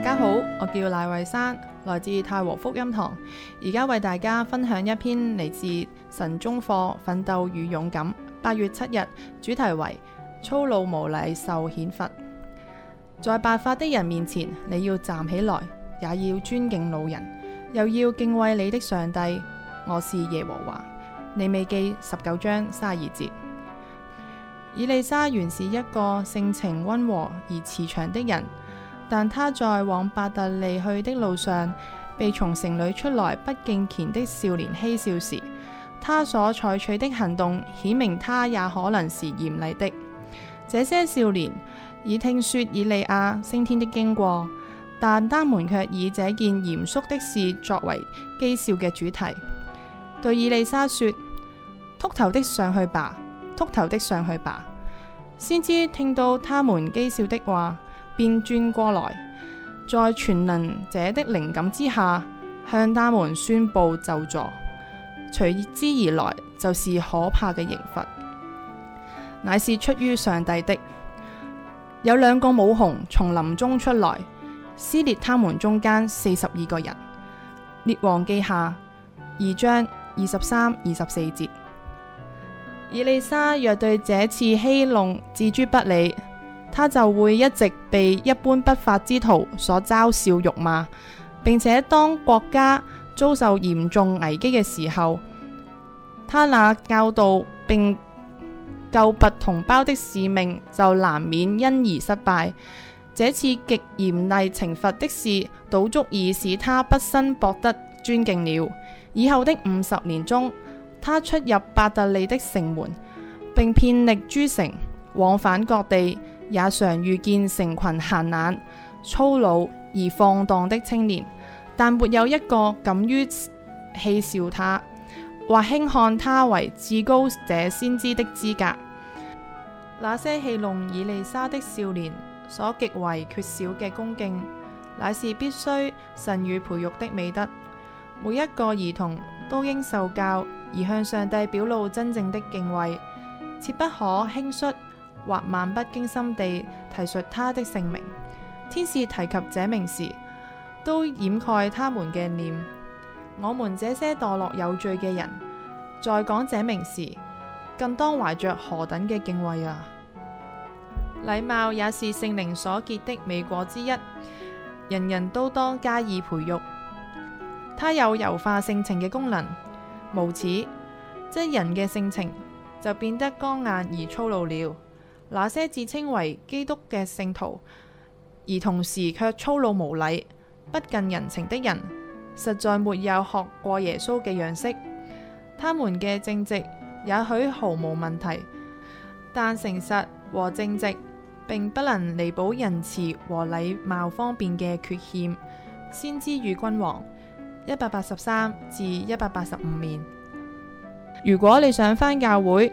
大家好，我叫賴衛山，來自太和福音堂，而家為大家分享一篇嚟自神中課《奮鬥與勇敢》。八月七日主題為粗魯無禮受譴罰，在白髮的人面前，你要站起來，也要尊敬老人，又要敬畏你的上帝。我是耶和華。你未記十九章三十二節，以利沙原是一個性情溫和而慈祥的人。但他在往伯特利去的路上，被從城裏出來不敬虔的少年譏笑時，他所採取的行動顯明他也可能是嚴厲的。這些少年已聽說以利亞升天的經過，但他們卻以這件嚴肅的事作為譏笑嘅主題，對以利沙說：禿頭的上去吧，禿頭的上去吧。先知聽到他們譏笑的話。便轉過來，在全能者的靈感之下，向他們宣布咒詛。隨之而來就是可怕嘅刑罰，乃是出於上帝的。有兩個母熊從林中出來，撕裂他們中間四十二個人。列王記下二章二十三、二十四節。以利沙若對這次欺弄置諸不理。他就會一直被一般不法之徒所嘲笑辱罵，並且當國家遭受嚴重危機嘅時候，他那教導並救拔同胞的使命就難免因而失敗。這次極嚴厲懲罰的事，倒足以使他不身博得尊敬了。以後的五十年中，他出入伯特利的城門，並遍歷諸城，往返各地。也常遇見成群閒懶、粗魯而放蕩的青年，但沒有一個敢於譏笑他或輕看他為至高者先知的資格。那些戲弄以利沙的少年所極為缺少嘅恭敬，乃是必須神與培育的美德。每一個兒童都應受教而向上帝表露真正的敬畏，切不可輕率。或漫不經心地提述他的姓名，天使提及這名時，都掩蓋他們嘅臉。我們這些墮落有罪嘅人，在講這名時，更當懷着何等嘅敬畏啊！禮貌也是聖靈所結的美果之一，人人都當加以培育。它有柔化性情嘅功能，無此即人嘅性情就變得剛硬而粗魯了。那些自稱為基督嘅聖徒，而同時卻粗魯無禮、不近人情的人，實在沒有學過耶穌嘅樣式。他們嘅正直也許毫無問題，但誠實和正直並不能彌補仁慈和禮貌方面嘅缺陷。先知與君王，一百八十三至一百八十五年。如果你想返教會。